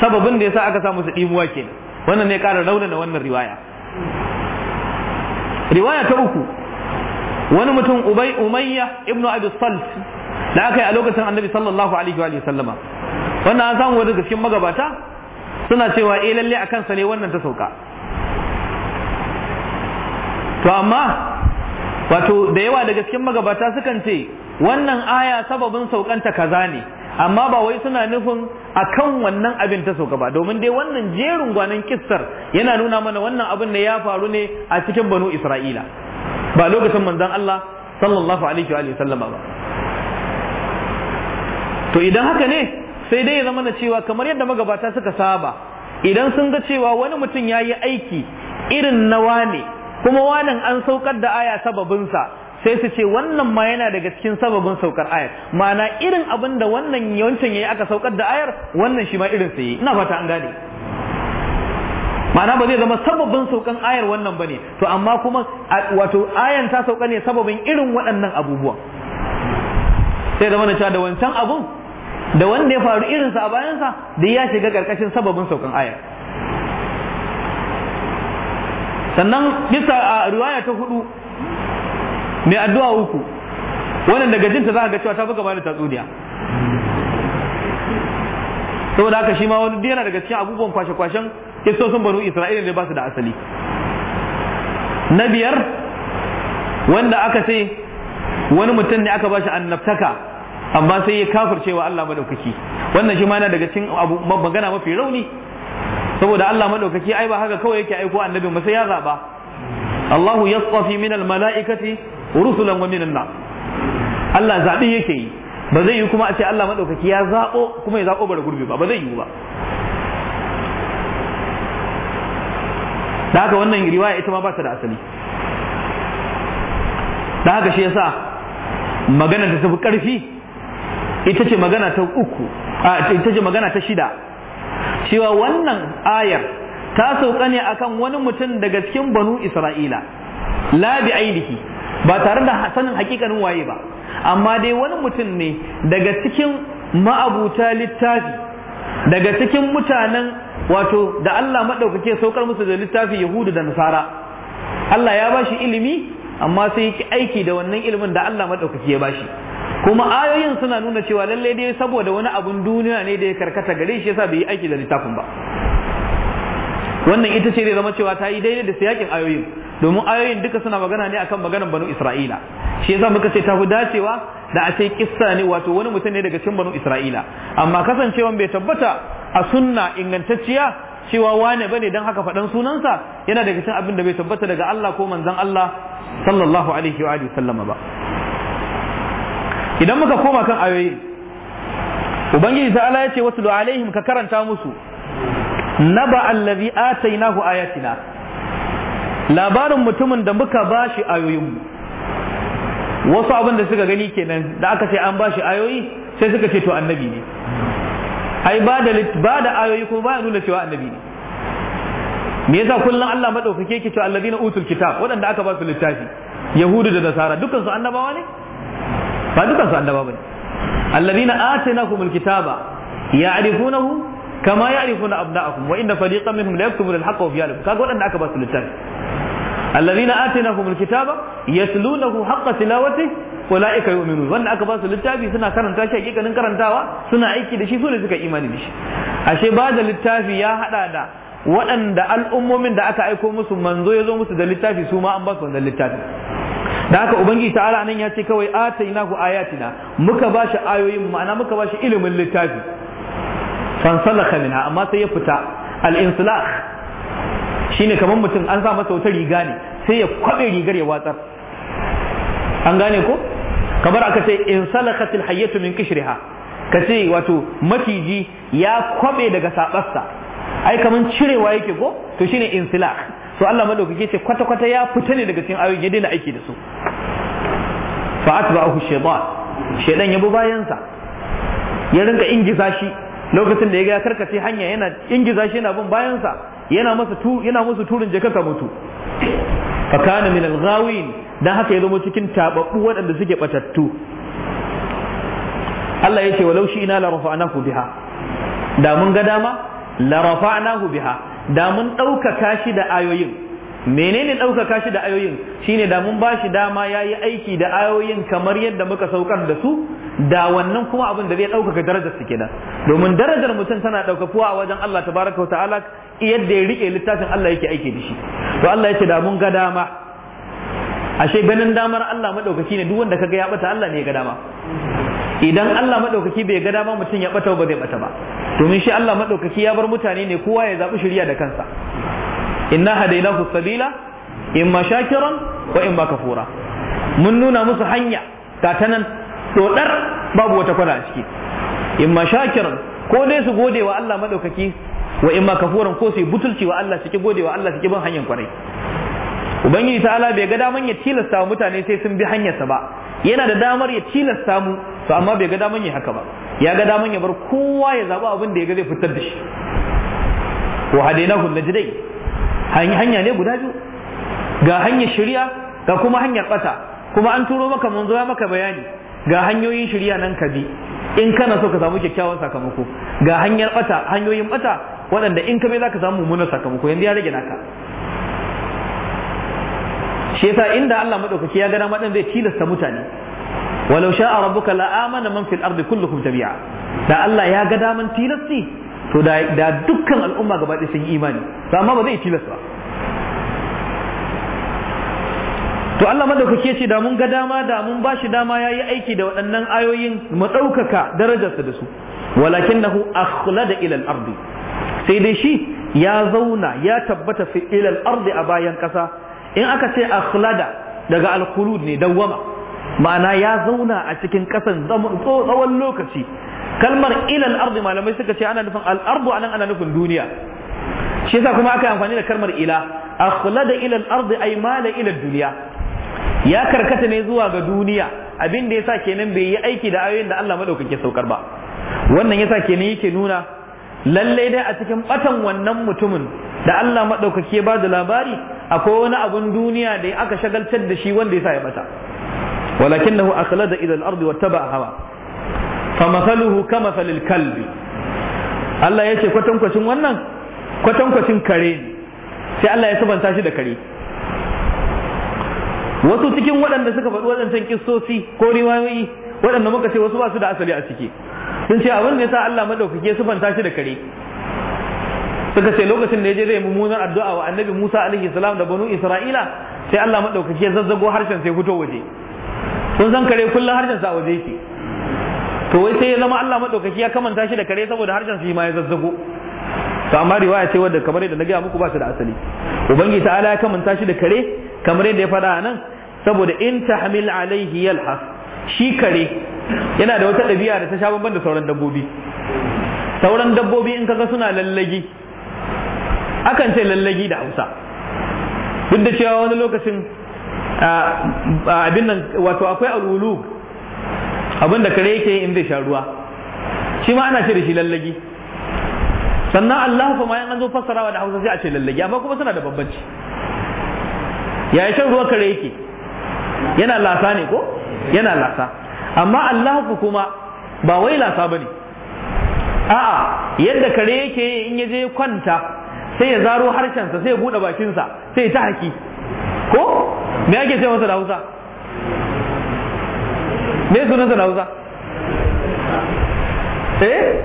sababin da yasa aka sa musu dimuwa kenan wannan ne ƙara raunana wannan riwaya riwaya ta uku wani mutum ubai umayya ibnu abi salt da aka yi a lokacin annabi sallallahu alaihi wa sallama wannan an samu wani cikin magabata suna cewa eh lalle a kansa ne wannan ta sauka to amma wato da yawa da cikin magabata sukan ce wannan aya sababin saukanta kaza ne amma ba wai suna nufin akan wannan abin ta sauka ba domin dai wannan jerin gwanin kissar yana nuna mana wannan abin da ya faru ne a cikin banu isra'ila ba lokacin manzon Allah sallallahu alaihi wa sallama ba to idan haka ne sai dai ya zama na cewa kamar yadda magabata suka saba idan sun ga cewa wani mutum ya yi aiki irin na wane kuma wanan an saukar da aya sababinsa sai su ce wannan ma yana daga cikin sababin saukar ayar ma'ana irin abin da wannan yawancin ya yi aka saukar da ayar wannan shi ma irin sa yi ina fata an gane ma'ana ba zai zama sababin saukan ayar wannan bane to amma kuma wato ayan ta sauka ne sababin irin waɗannan abubuwan sai zama na cewa da wancan abun da wanda ya faru irinsa a bayansa da ya shiga karkashin sababin saukan ayar sannan bisa a riwaya ta hudu mai addu'a uku wannan daga jinta za ka ga cewa ta buga bani da tatsuniya saboda haka shi ma wani yana daga cikin abubuwan kwashe-kwashen kisosin banu isra'ila ne ba su da asali na biyar wanda aka ce wani mutum ne aka bashi annabtaka amma sai ya kafircewa Allah maɗaukaki, wannan shi ma daga cin abu magana mafi rauni saboda Allah maɗaukaki ai ba haka kawai yake aiko annabi ba sai ya zaba Allahu yastafi min almalaikati rusulan wa minan nas Allah zabi yake yi ba zai yi kuma a ce Allah madaukaki ya zabo kuma ya zabo bara gurbi ba ba zai yi ba da haka wannan riwaya ita ma ba ta da asali da haka shi yasa magana ta tafi ƙarfi ita ce magana ta uku ita ce magana ta shida cewa wannan ayar ta sauka ne akan wani mutum daga cikin banu isra'ila la ainihi ba tare da sanin hakikanin waye ba amma dai wani mutum ne daga cikin ma'abuta littafi daga cikin mutanen wato da Allah maɗaukake saukar musu da littafi yahudu da nasara Allah ya bashi ilimi amma sai yake aiki da wannan ilimin da Allah maɗaukake ya bashi kuma ayoyin suna nuna cewa lalle dai saboda wani abun duniya ne da ya karkata gare shi yasa bai yi aiki da littafin ba wannan ita ce zai zama cewa ta yi daidai da siyakin ayoyin domin ayoyin duka suna magana ne akan maganar banu isra'ila shi yasa muka ce ta fi dacewa da a ce kissa ne wato wani mutum ne daga cin banu isra'ila amma kasancewan bai tabbata a sunna ingantacciya cewa wane bane dan haka faɗan sunansa yana daga cikin abin da bai tabbata daga Allah ko manzon Allah sallallahu alaihi wa sallama ba idan muka koma kan ayoyi ubangiji ta ala ya ce wasu alaihim ka karanta musu naba allazi atainahu ayatina labarin mutumin da muka bashi ayoyin wasu abin da suka gani kenan da aka ce an bashi ayoyi sai suka ce to annabi ne ai ba da ba da ayoyi kuma ba nuna cewa annabi ne me yasa kullum Allah madaukake yake cewa alladina utul kitab wadanda aka ba su littafi yahudu da nasara dukkan su annabawa ne ba dukkan su annabawa ne alladina atainahumul kitaba ya'rifunahu kama ya'rifuna abna'akum wa inna fariqan minhum la yaktubuna al-haqqa wa ya'lamun kaga wadanda aka ba su littafi allazina atainahumul kitaba yatlunahu haqqa tilawati ulaika yu'minun wanda aka basu littafi suna karanta shi hakikanin karantawa suna aiki da shi su ne suka imani da shi ashe bada littafi ya hada da waɗanda al'ummomin da aka aiko musu manzo ya zo musu da littafi su ma an ba su littafi da haka ubangiji ta'ala nan ya ce kawai atainahu ayatina muka ba shi ayoyin ma'ana muka ba shi ilimin littafi fansalaka minha amma sai ya fita al-insilah shine kamar mutum an sa masa wata riga ne sai ya kwabe rigar ya watsar an gane ko kamar aka ce in salakatil hayyatu min kishriha ka ce wato maciji ya kwabe daga sabarsa ai kamar cirewa yake ko to shine insilak to Allah madaukake ce kwata kwata ya fita ne daga cikin ayoyin ya daina aiki da su fa atba'ahu shaytan shaytan ya bi bayansa ya rinka ingiza shi lokacin da ya ga karkace hanya yana ingiza shi yana bin bayansa yana masa musu turin je ka mutu fa kana min al-ghawin dan haka ya zama cikin tababbu waɗanda suke batattu Allah yake walau shi ina la rafa'nahu biha da mun ga dama la rafa'nahu biha da mun ɗaukaka shi da ayoyin menene ɗaukaka shi da ayoyin shine da mun bashi dama yayi aiki da ayoyin kamar yadda muka saukar da su da wannan kuma abin da zai ɗaukaka darajar su kenan domin darajar mutum tana ɗaukakuwa a wajen Allah tabaraka wa ta'ala yadda ya rike littafin Allah yake aiki da shi to Allah ya ce da mun ga dama ashe ganin damar Allah madaukaki ne duk wanda kaga ya bata Allah ne ya ga dama idan Allah madaukaki bai ga dama mutum ya bata ba zai bata ba domin shi Allah madaukaki ya bar mutane ne kowa ya zabi shirya da kansa inna hadainahu sabila imma shakiran wa imma kafura mun nuna musu hanya ta tanan dodar babu wata kwana a ciki imma shakiran ko dai su gode wa Allah madaukaki wa in ma kafuran ko sai butulci wa Allah suke gode wa Allah suke bin hanyar kwarai ubangiji Ala bai ga daman ya tilasta wa mutane sai sun bi hanyarsa ba yana da damar ya tilasta mu to amma bai ga daman ya haka ba ya ga daman ya bar kowa ya zaba abin da ya ga zai fitar da shi wa hadainahu najdai hanya ne guda biyu ga hanyar shari'a ga kuma hanyar bata kuma an turo maka manzo ya maka bayani ga hanyoyin shari'a nan ka bi in kana so ka samu kyakkyawan sakamako ga hanyar bata hanyoyin bata waɗanda in ka za ka samu mummunar sakamako yanzu ya rage naka shi yasa inda Allah madaukaki ya gana madan zai tilasta mutane walau sha'a rabbuka la amana man fil ardi kulluhum jami'a da Allah ya ga daman tilasti to da dukkan al'umma gaba ɗaya sun yi imani to amma ba zai tilasta ba to Allah madaukaki ya ce da mun ga dama da mun ba shi dama ya yi aiki da waɗannan ayoyin mu ɗaukaka darajarsa da su walakinnahu akhlada ila al-ardi sai dai shi ya zauna ya tabbata fi ilal ardi a bayan kasa in aka ce akhlada daga alkhulud ne dawwama ma'ana ya zauna a cikin kasan tsawon lokaci kalmar ilal ardi malamai suka ce ana nufin ardu anan ana nufin duniya shi yasa kuma aka yi amfani da kalmar ila akhlada ila al-ard ay mala ila dunya ya karkata ne zuwa ga duniya abin da yasa kenan bai yi aiki da ayoyin da Allah madaukake saukar ba wannan yasa kenan yake nuna lallai dai a cikin batan wannan mutumin da Allah maɗaukaki ya ba da labari akwai wani abun duniya da aka shagaltar da shi wanda ya sa ya bata walakinahu akhlada ila al-ardi wattaba'a hawa fa mathaluhu ka mathalil kalbi Allah ya ce kwatankwacin wannan kwatankwacin kare ne sai Allah ya sabanta shi da kare wasu cikin waɗanda suka faɗi waɗancan kissosi ko riwayoyi waɗanda muka ce wasu ba su da asali a ciki sun ce abin da yasa Allah madaukake fanta shi da kare suka ce lokacin da ya je zai mummunar addu'a wa annabi Musa alaihi salam da banu Isra'ila sai Allah madaukake zazzago harshen sai fito waje sun san kare kullum harshen sa waje yake to wai sai ya zama Allah madaukake ya kamanta shi da kare saboda harshen shi ma ya zazzago to amma riwaya ce wanda kamar yadda na gaya muku ba su da asali ubangiji ta'ala ya kamanta shi da kare kamar yadda ya faɗa nan saboda in tahmil alaihi yalhas shi kare yana da wata ɗabi'a da ta sha bamban da sauran dabbobi sauran dabbobi in kaga suna lallagi akan ce lallagi da hausa duk da cewa wani lokacin abin nan wato akwai alwulu abin da kare yake in zai sha ruwa shi ma ana ce da shi lallagi sannan Allah kuma yan an zo fassarawa da hausa sai a ce lallagi amma kuma suna da bambanci ya shan ruwa kare yake yana lasa ne ko yana lasa amma allahu kuma ba wai lasa bane a'a yadda kare yake in ya je kwanta sai ya zaro harshensa sai ya bude sa sai ta haki ko me ake ce masa da Hausa me sa da Hausa eh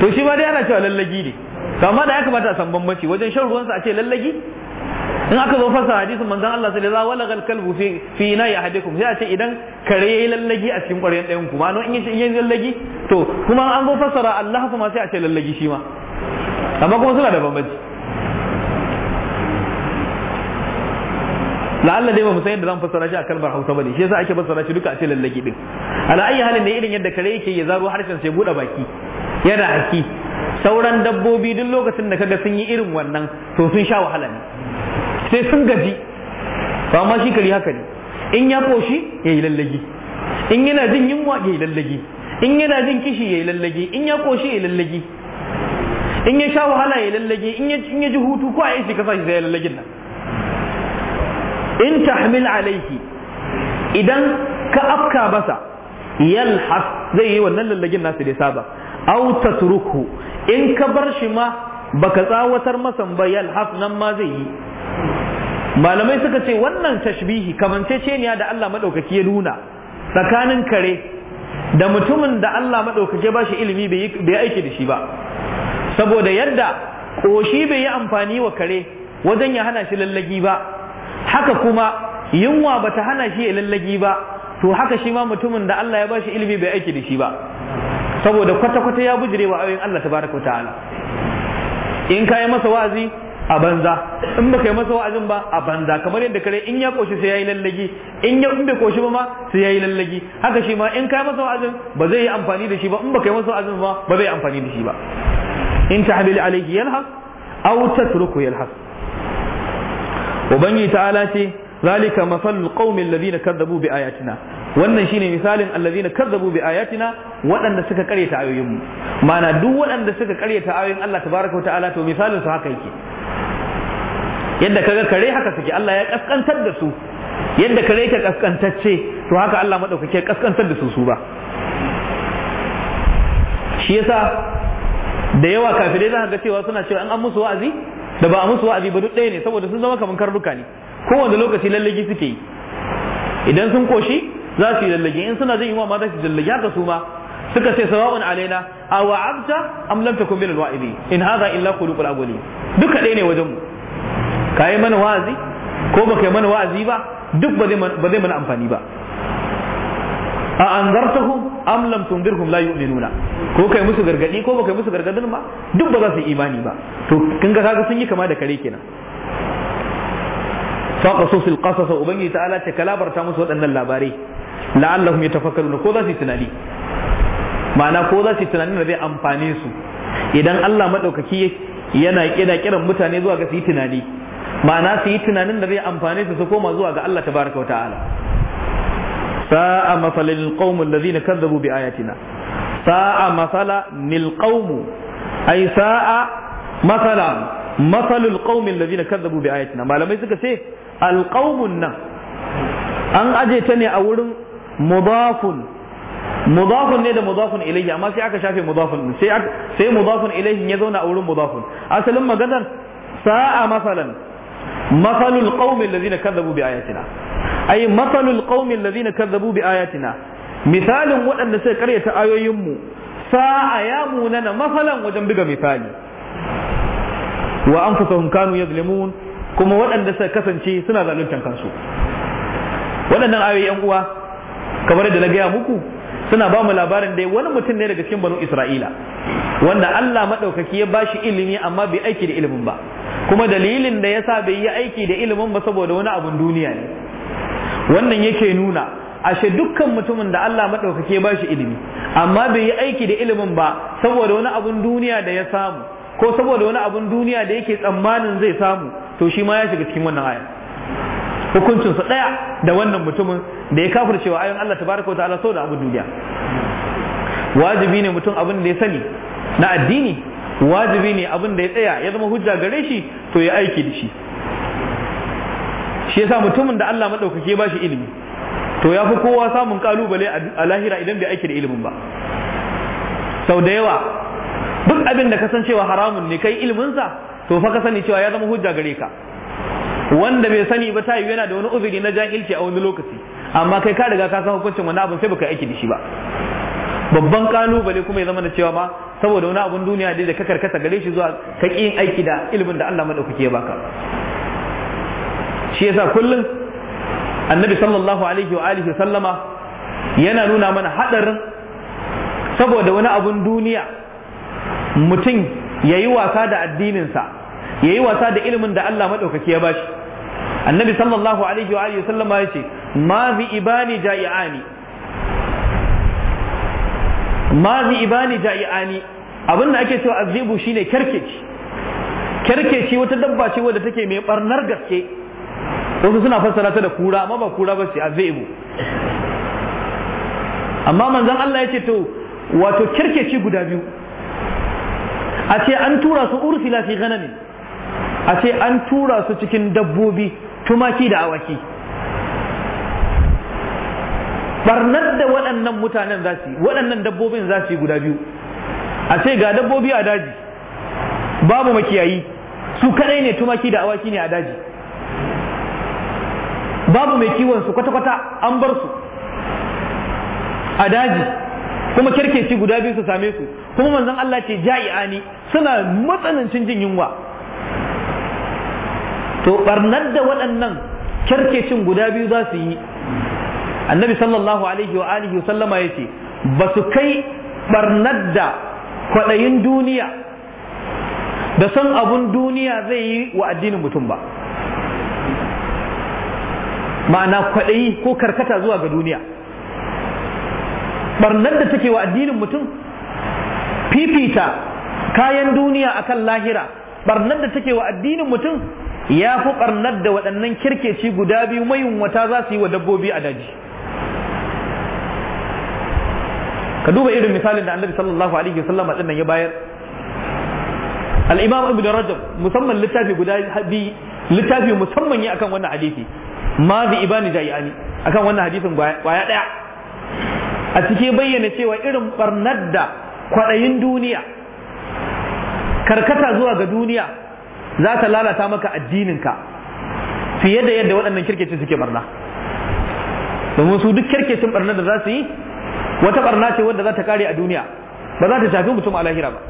to shi ma dai ana cewa lallagi ne kamar da ya kamata a san bambanci wajen shan ruwansa a ce lallagi in aka zo fasa hadisin manzon Allah sai za wala gal kalbu fi fi na ya hadikum sai a ce idan kare yayi lallagi a cikin ƙwaryen ɗayan ku ma in in yayi lallagi to kuma an zo fasara Allah kuma sai a ce lallagi shi ma amma kuma suna da bambanci la'alla dai ba mu san yadda zan fassara shi a kalmar Hausa bane shi yasa ake fasara shi duka a ce lallagi din ala ayi halin ne irin yadda kare yake ya zaro harshen sai bude baki yana aiki, sauran dabbobi duk lokacin da kaga sun yi irin wannan to sun sha wahala ne sai sun gaji ba ma shi kari haka ne in ya koshi ya yi lallagi in yana jin yunwa ya yi lallagi in yana jin kishi ya yi lallagi in ya koshi ya yi lallagi in ya sha wahala ya yi lallagi in ya ji hutu ko a yi ka ya zai lallagin nan in tahmil alaiki idan ka afka basa yalhas zai yi wannan lallagin nasu da saba au tatruku in ka bar shi ma baka tsawatar masan ba yalhas nan ma zai yi malamai suka ce wannan tashbihi kamanceceniya da Allah maɗaukaki ya nuna tsakanin kare da mutumin da Allah maɗaukaki ba shi ilimi bai aiki da shi ba saboda yadda ƙoshi bai yi amfani wa kare wajen ya hana shi lallagi ba haka kuma yunwa ba ta hana shi ya lallagi ba to haka shi ma mutumin da Allah ya ba shi ilimi bai aiki da shi ba saboda kwata-kwata ya bujire wa ayoyin Allah tabaraka ta'ala in ka masa wa'azi a banza in baka yi masa wa'azin ba a banza kamar yadda kare in ya koshi sai yayi lallagi in ya in bai koshi ba ma sai yayi lallagi haka shi ma in kai masa wa'azin ba zai yi amfani da shi ba in baka yi masa wa'azin ba ba zai amfani da shi ba in ta tahbil alayhi yalhas aw tatruku yalhas ubangi ta'ala ce zalika masalul qaumil ladina kadzabu bi ayatina wannan shine misalin allazina kazzabu bi ayatina waɗanda suka karyata ayoyin mu mana duk waɗanda suka karyata ayoyin Allah tabaraka ta'ala to misalin su haka yake yadda kaga kare haka suke Allah ya kaskantar da su yadda kare ka kaskantacce to haka Allah madaukake kaskantar da su su ba shi yasa da yawa kafirai za ga cewa suna cewa an an musu wa'azi da ba a musu wa'azi ba duk ɗaya ne saboda sun zama kamar karnuka ne kowane lokaci lallagi suke yi idan sun koshi za su yi lallagi in suna jin yunwa ma za su lallagi haka su ma suka ce sawa'un alaina a wa'abta am lam takun min alwa'idi in hadha illa qulubul awwalin duka ɗaya ne wajen mu ka yi mana wa'azi ko ba ka yi mana wa'azi ba duk ba zai mana amfani ba a anzartahum am lam tundirhum la yu'minuna ko kai musu gargadi ko baka musu gargadin ba duk ba za su yi imani ba to kin ga kaga sun yi kama da kare kenan fa qasus al qasas ubangi ta'ala ta kalabarta musu waɗannan labarai la'allahum yatafakkaruna ko za su yi tunani ma'ana ko za su yi tunanin da zai amfane su idan Allah madaukaki yana kira kiran mutane zuwa ga su yi tunani ma'ana su yi tunanin da zai amfane su su koma zuwa ga Allah tabaraka wa ta'ala sa'a masalil qaumul ladina kadzabu bi ayatina sa'a masala nil qaum ay sa'a masala masalul qaumil ladina kadzabu bi ayatina malamai suka ce al qaumun nan an aje ta ne a wurin mudafun mudafun ne da mudafun ilayhi amma sai aka shafe mudafun sai sai mudafun ilayhi ya zauna a wurin mudafun asalin maganar sa'a masalan masalul qaumin allazina kazzabu bi ayatina ay masalul qaumin allazina kazzabu bi ayatina misalin waɗanda suka karyata ayoyin mu sa'a ya munana masalan wajen buga misali wa anfusahum kanu yazlimun kuma waɗanda suka kasance suna zaluntan kansu waɗannan ayoyi yan uwa kamar da na gaya muku suna ba mu labarin dai wani mutum ne daga cikin banu isra'ila wanda Allah maɗaukaki ya bashi ilimi amma bai aiki da ilimin ba kuma dalilin da yasa bai yi aiki da ilimin ba saboda wani abun duniya ne wannan yake nuna ashe dukkan mutumin da Allah maɗaukaki ya bashi ilimi amma bai yi aiki da ilimin ba saboda wani abun duniya da ya samu ko saboda wani abun duniya da yake tsammanin zai samu to shi ma ya shiga cikin wannan aya hukuncin su daya da wannan mutumin da ya cewa ayon Allah tabaraka wa ta'ala so da abu duniya wajibi ne mutum abin da ya sani na addini wajibi ne abin da ya tsaya ya zama hujja gare shi to ya aiki da shi shi yasa mutumin da Allah madaukake ba shi ilimi to ya fi kowa samun kalubale a lahira idan bai aiki da ilimin ba sau da yawa duk abin da kasancewa haramun ne kai iliminsa to fa ka sani cewa ya zama hujja gare ka wanda bai sani ba ta yi yana da wani uzuri na jahilci a wani lokaci amma kai ka riga ka san hukuncin wani abin sai baka aiki da shi ba babban kalubale kuma ya zama da cewa ma saboda wani abun duniya dai da ka karkata gare shi zuwa ka yin aiki da ilimin da Allah madaukake ya baka shi yasa kullum annabi sallallahu alaihi wa alihi sallama yana nuna mana hadarin saboda wani abun duniya mutum yayi wasa da addininsa yayi wasa da ilimin da Allah madaukaki ya bashi annabi sallallahu alaihi wa alihi sallama yace ma bi ibani ja'iani ma bi ibani ja'iani abin da ake cewa azibu shine kerkeci kerkeci wata dabba ce wadda take mai barnar gaske wasu suna fassara ta da kura amma ba kura ba ce azibu amma manzon Allah ya ce to wato kerkeci guda biyu a ce an tura su ursila fi ghanamin a ce an tura su cikin dabbobi tumaki da awaki barnar da waɗannan mutanen za su yi waɗannan dabbobin za su yi guda biyu a ce ga dabbobi a daji babu makiyayi su kadai ne tumaki da awaki ne a daji babu mai kiwon su kwata-kwata an bar su a daji kuma kirkeci guda biyu su same su kuma manzon Allah ce ja'i'ani suna matsanancin jin yunwa to barnar da waɗannan kyarkecin guda biyu za su yi annabi sallallahu alaihi wa alihi sallama ya ce ba su kai barnar da kwaɗayin duniya da san abun duniya zai yi wa addinin mutum ba ma'ana kwaɗayi ko karkata zuwa ga duniya barnar da take wa addinin mutum fifita kayan duniya akan lahira barnar da take wa addinin mutum ya fi ɓarnar da waɗannan kirkeci guda biyu mai mayunwata za su yi wa dabbobi a daji ka duba irin misalin da annabi sallallahu alaihi wasallam din nan ya bayar al-imam ibn rajab musamman littafi guda bi littafi musamman ya akan wannan hadisi ma bi ibani jai'ani akan wannan hadisin kwaya daya a cikin bayyana cewa irin barnar da kwaɗayin duniya karkata zuwa ga duniya za ta lalata maka addininka fiye da yadda waɗannan kirkeci suke barna domin su duk kirkecin barna da za su yi wata barna ce wadda za ta kare a duniya ba za ta shafi mutum a lahira ba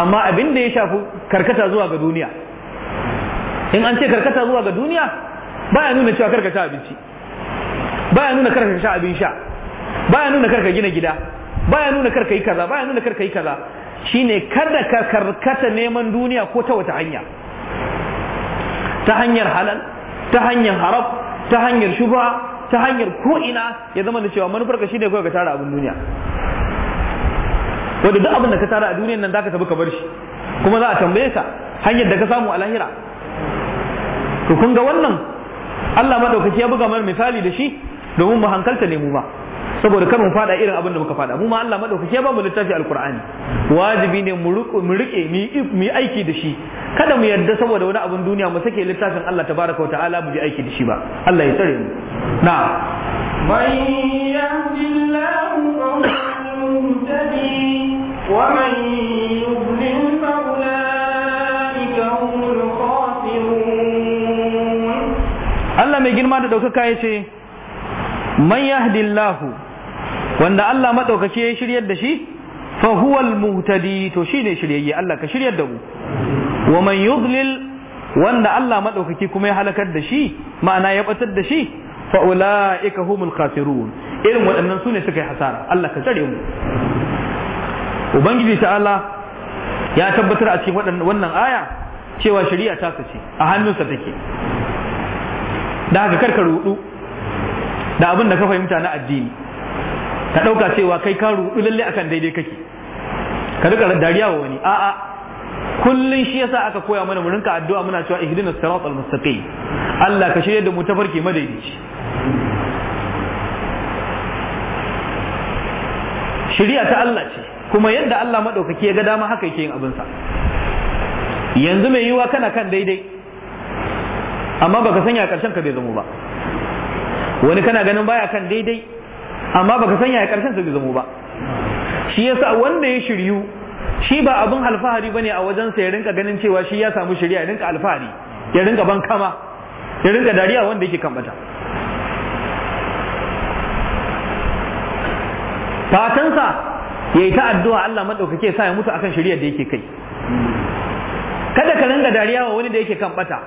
amma abin da ya shafi karkata zuwa ga duniya in an ce karkata zuwa ga duniya baya nuna cewa sha abinci baya nuna karka sha abin sha baya nuna karka gina gida baya nuna karka yi kaza baya nuna karka yi kaza shine kada ka karkata neman duniya ko ta wata hanya ta hanyar halal ta hanyar harab ta hanyar shuba ta hanyar ko'ina ya zama da cewa manufar ka shine kawai ka tara abin duniya wanda duk abin da ka tara a duniyan nan zaka tafi ka bar shi kuma za a tambaye ka hanyar da ka samu a lahira to kun ga wannan Allah madaukaki ya buga mana misali da shi domin mu hankalta ne mu ba saboda kar mu fada irin abin da muka fada mu ma Allah madaukake ba mu littafi alqur'ani wajibi ne mu ruku mu rike mu yi aiki da shi kada mu yarda saboda wani abin duniya mu sake littafin Allah tabaraka wa ta'ala mu yi aiki da shi ba Allah ya tsare mu na man yahdillahu wa man Allah mai girma da ɗaukaka ya ce, man yahdillahu wanda Allah maɗaukaki ya yi shiryar da shi fa huwa al-muhtadi to ne shiryayye Allah ka shiryar da mu wa man yudlil wanda Allah maɗaukaki kuma ya halakar da shi ma'ana ya ɓatar da shi fa ulaika humul khasirun irin waɗannan sune suka yi hasara Allah ka tsare mu ubangiji ta'ala ya tabbatar a cikin wannan aya cewa shari'a ta ce a hannunsa take da haka karka rudu da abin da ka fahimta na addini ka ɗauka cewa kai ka ruɗu lalle akan daidai kake ka rika dariya wa wani a'a kullun shi yasa aka koya mana mu rinka addu'a muna cewa ihdina siratal mustaqim Allah ka shirye da mu tafarki madaidaici shari'a ta Allah ce kuma yadda Allah madaukaki ya ga dama haka yake yin abin sa yanzu mai yiwa kana kan daidai amma baka sanya karshen ka bai zamo ba wani kana ganin baya kan daidai amma baka sanya ya karshen su zamo ba shi yasa wanda ya shiryu shi ba abin alfahari bane a wajen sa ya rinka ganin cewa shi ya samu shiriya ya rinka alfahari ya rinka ban kama ya rinka dariya wanda yake kambata fatansa yayi ta addu'a Allah madaukake sa ya mutu akan shirya da yake kai kada ka rinka dariya wa wani da yake kan bata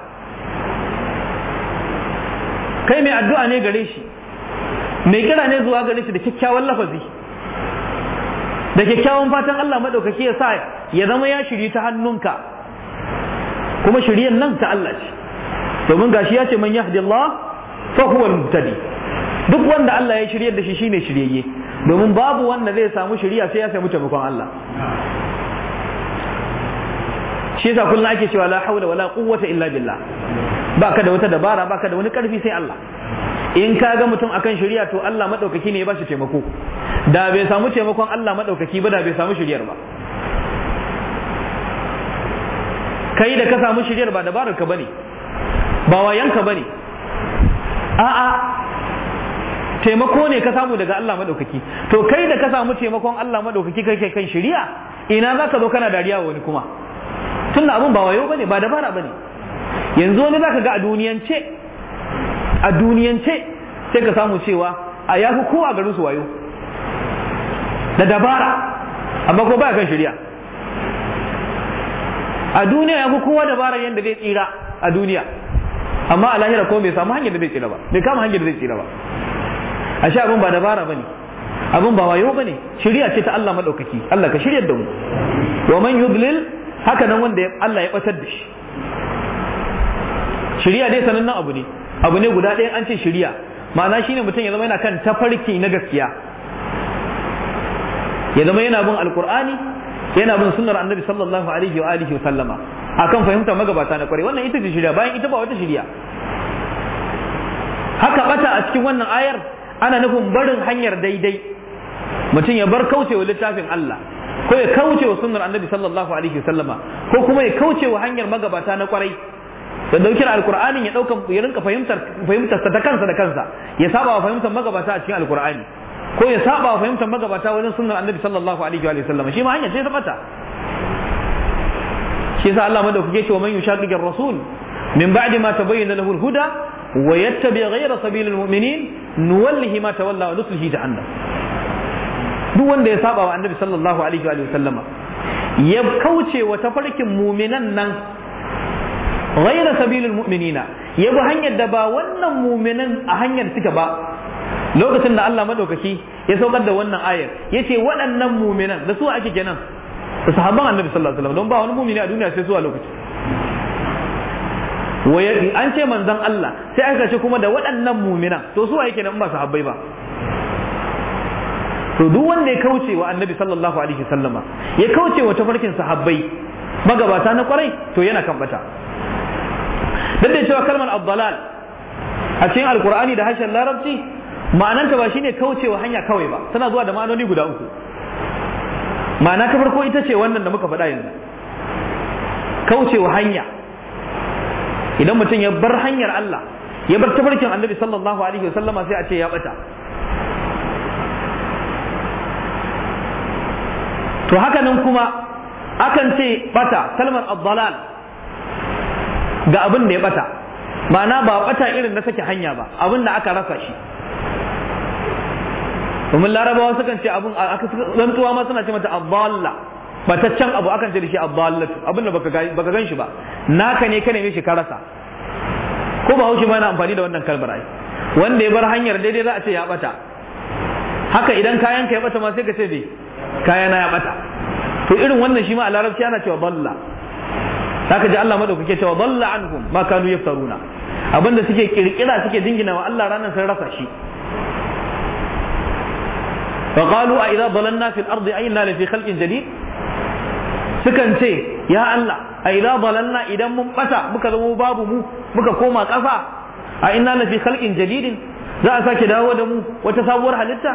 kai mai addu'a ne gare shi mai kira ne zuwa gare shi da kyakkyawan lafazi da kyakkyawan fatan Allah maɗaukaki ya sa ya zama ya shiri ta hannunka kuma shiriyan nan ta Allah ce domin gashi ya ce man yahdi Allah fa huwa muhtadi duk wanda Allah ya shiryar da shi shine shiryayye domin babu wanda zai samu shiriya sai ya samu taimakon Allah shi yasa kullum ake cewa la haula wala quwwata illa billah baka da wata dabara baka da wani karfi sai Allah in ka ga mutum akan shari'a to Allah madaukaki ne ya bashi taimako da bai samu taimakon Allah madaukaki ba da bai samu shari'ar ba kai da ka samu shari'ar ba dabararka bane ba wayanka bane a'a taimako ne ka samu daga Allah madaukaki to kai da ka samu taimakon Allah madaukaki kai kai kan shari'a ina za ka zo kana dariya wani kuma tunda abun ba wayo bane ba dabara bane yanzu wani zaka ga a duniyance a duniyance sai ka samu cewa a ya fi kowa garin su wayo da dabara amma ko baya kan shirya a duniya ya fi kowa dabara yadda zai tsira a duniya amma a lahira ko bai samu hanyar da zai tsira ba bai kama hanyar da zai tsira ba a sha abin ba dabara ba ne abin ba wayo ba ne shirya ce ta Allah maɗaukaki Allah ka shirya da mu wa man yudlil haka nan wanda Allah ya ɓatar da shi shirya dai sanannen abu ne abu ne guda ɗaya an ce shirya ma'ana shine mutum ya zama yana kan tafarki na gaskiya ya zama yana bin alkur'ani yana bin sunnar annabi sallallahu alaihi wa alihi wa sallama akan fahimta magabata na kwarai wannan ita ce shirya bayan ita ba wata shirya haka bata a cikin wannan ayar ana nufin barin hanyar daidai mutum ya bar kaucewa littafin Allah ko ya kaucewa sunnar annabi sallallahu alaihi wa sallama ko kuma ya kaucewa hanyar magabata na kwarai da daukar alkur'anin ya ɗauka ya rinka fahimtar fahimtar ta kansa da kansa ya saba wa fahimtar magabata a cikin alkur'ani ko ya saba wa fahimtar magabata wajen sunnar annabi sallallahu alaihi wa sallam shi ma hanya ce ta bata shi yasa Allah madaukake ce wa man yushaqiqir rasul min ba'di ma tabayyana lahu al-huda wa yattabi ghayra sabilil mu'minin nuwallihi ma tawalla wa nuslihi jahannam duk wanda ya saba wa annabi sallallahu alaihi wa sallama ya kauce wa tafarkin muminan nan ghayra sabilil mu'minina yabi hanyar da ba wannan mu'minan a hanyar suka ba lokacin da Allah madaukaki ya saukar da wannan ayar yace waɗannan mu'minan da su ake kenan da sahabban annabi sallallahu alaihi wasallam don ba wani mu'mini a duniya sai su a lokacin an ce manzon Allah sai aka ce kuma da waɗannan mu'minan to su ba ba to duk wanda ya kauce wa annabi sallallahu alaihi wasallama ya kauce wa tafarkin sahabbai magabata na kwarai to yana kan bata duk cewa kalmar abdalal a cikin alkur'ani da harshen larabci ma'ananta ba shine kaucewa hanya kawai ba tana zuwa da ma'anoni guda uku ma'ana ta farko ita ce wannan da muka faɗa yanzu kaucewa hanya idan mutum ya bar hanyar Allah ya bar tafarkin annabi sallallahu alaihi wasallama sai a ce ya bata to haka nan kuma akan ce bata kalmar abdalal ga abin da ya bata mana ba bata irin na sake hanya ba abin da aka rasa shi domin larabawa sukan ce abin tuwa ma suna ce mata abdalla bataccen abu akan ce da shi abdallatu abin da baka gan shi ba naka ne ka neme shi ka rasa ko ba haushi ma na amfani da wannan kalmar ai wanda ya bar hanyar daidai za a ce ya bata haka idan kayan ka ya bata ma sai ka ce bai kayana ya bata to irin wannan shi ma a larabci ana cewa balla zaka ji Allah madaukake cewa dalla anhum ma kanu yaftaruna abinda suke kirkira suke dingina wa Allah ranar sun rasa shi a فقالوا أإذا ضللنا في الأرض أئنا fi خلق جديد sukan ce ya Allah a ila balanna idan mun bata muka zama babu mu muka koma ƙasa a inna fi khalqin jadidin za a sake dawo da mu wata sabuwar halitta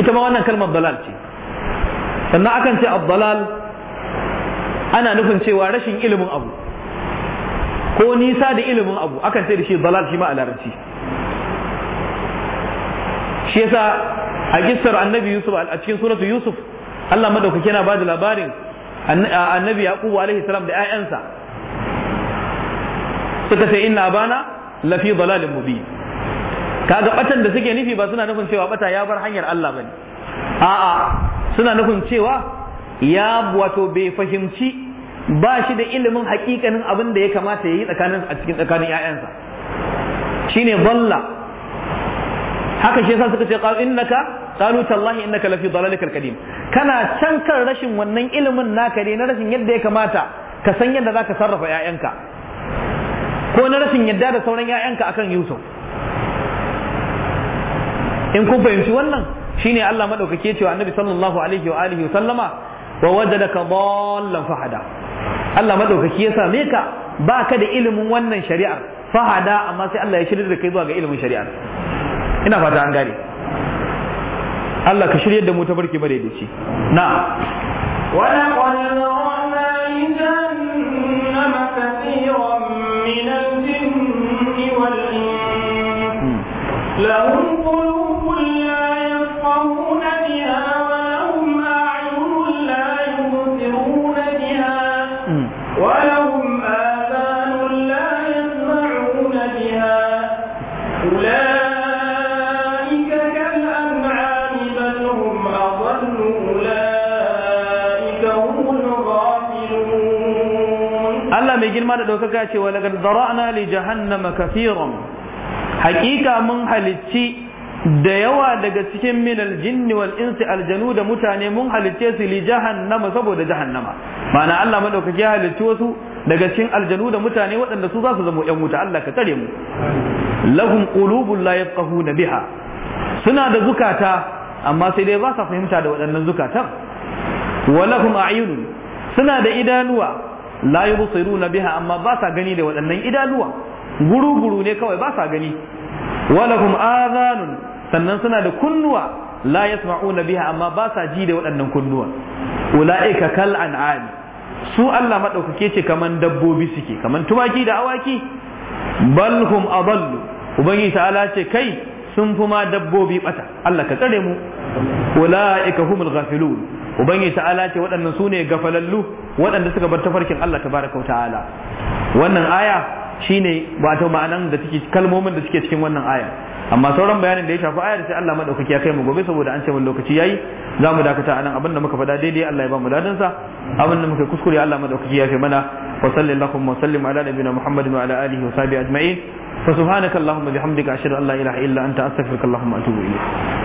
ita ma wannan kalmar dalal ce sannan akan ce abdalal ana nufin cewa rashin ilimin abu ko nisa da ilimin abu akan ce da shi dalal shi ma a larabci shi yasa a kissar annabi yusuf a cikin suratu yusuf Allah madaukaki yana ba da labarin annabi yaqubu alaihi salam da ƴaƴansa suka ce inna la fi dalalin mubin kaga batan da suke nufi ba suna nufin cewa bata ya bar hanyar Allah bane a'a suna nufin cewa ya wato bai fahimci ba shi da ilimin hakikanin abin da ya kamata ya yi tsakanin a cikin tsakanin ƴaƴansa shine balla haka shi yasa suka ce qalu innaka qalu tallahi innaka lafi dalalikal qadim kana can kan rashin wannan ilimin naka ne na rashin yadda ya kamata ka san yadda zaka sarrafa 'ya'yanka. ko na rashin yadda da sauran ƴaƴanka akan Yusuf in kun fahimci wannan shi ne Allah madaukake cewa annabi sallallahu alaihi wa alihi wa sallama wa wajadaka dallan fahada Allah madaukaki ya me ka baka da ilimin wannan shari'ar fahada amma sai Allah ya shirya da kai zuwa ga ilimin shari'ar ina fata an gane Allah ka shirya da mu ta barki bare da shi na wa laqad narana jahannama kathiran min al-jinni wal-ins hmm. lahum Mm. mai da ɗaukaka ce wani gardara na li jahannama kafiran hakika mun halicci dayawa daga cikin minal jinni insi aljanu da mutane mun halicce su li jahannama saboda jahannama ma'ana Allah madaukaki ya halitta wasu daga cikin aljanu da mutane waɗanda su za su zama ‘yan wuta Allah ka tsare mu lahum qulubun la na biha suna da zukata amma sai dai ba sa fahimta da waɗannan zukatan wa lahum a'yun suna da idanuwa la na biha amma ba sa gani da waɗannan idanuwa guruguru ne kawai ba sa gani wa lahum adhanun sannan suna da kunnuwa la yasma'una biha amma ba sa ji da waɗannan kunnuwa ulaika kal an'ami su Allah maɗaukake ce kaman dabbobi suke kaman tumaki da awaki bal hum ubangiji ta'ala ce kai sun fi ma dabbobi bata Allah ka tsare mu ulaika humul ghafilun ubangiji ta'ala ce waɗannan su ne gafalallu waɗanda suka bar tafarkin Allah tabaraka wa ta'ala wannan aya shine wato ma'anan da take kalmomin da suke cikin wannan aya amma sauran bayanin da ya shafi ayar sai Allah madaukaki ya kai mu gobe saboda an ce mun lokaci yayi za mu dakata anan abin da muka faɗa daidai Allah ya ba mu ladan sa abin da muka kuskure Allah madaukaki ya kai mana wa sallallahu wa sallim ala nabiyina Muhammadin wa ala alihi wa sahbihi ajma'in fa subhanaka allahumma bihamdika ashhadu an la ilaha illa anta astaghfiruka allahumma atubu ilayk